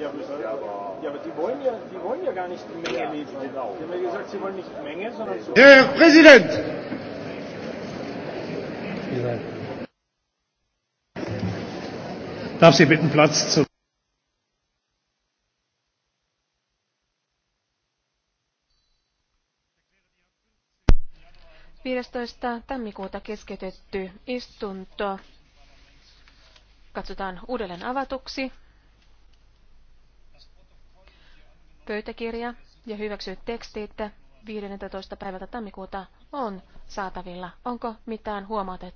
Ja, aber die wollen ja, die wollen ja gar nicht die Menge ja, liefern. Genau. Sie haben ja gesagt, sie wollen nicht die Menge, sondern so. Herr Präsident! Darf Sie bitten, Platz zu viidestoista tammikuuta keskeytetty istunto katsotaan uudelleen avatuksi. Pöytäkirja ja hyväksyt tekstit 15. päivältä tammikuuta on saatavilla. Onko mitään huomautettavaa?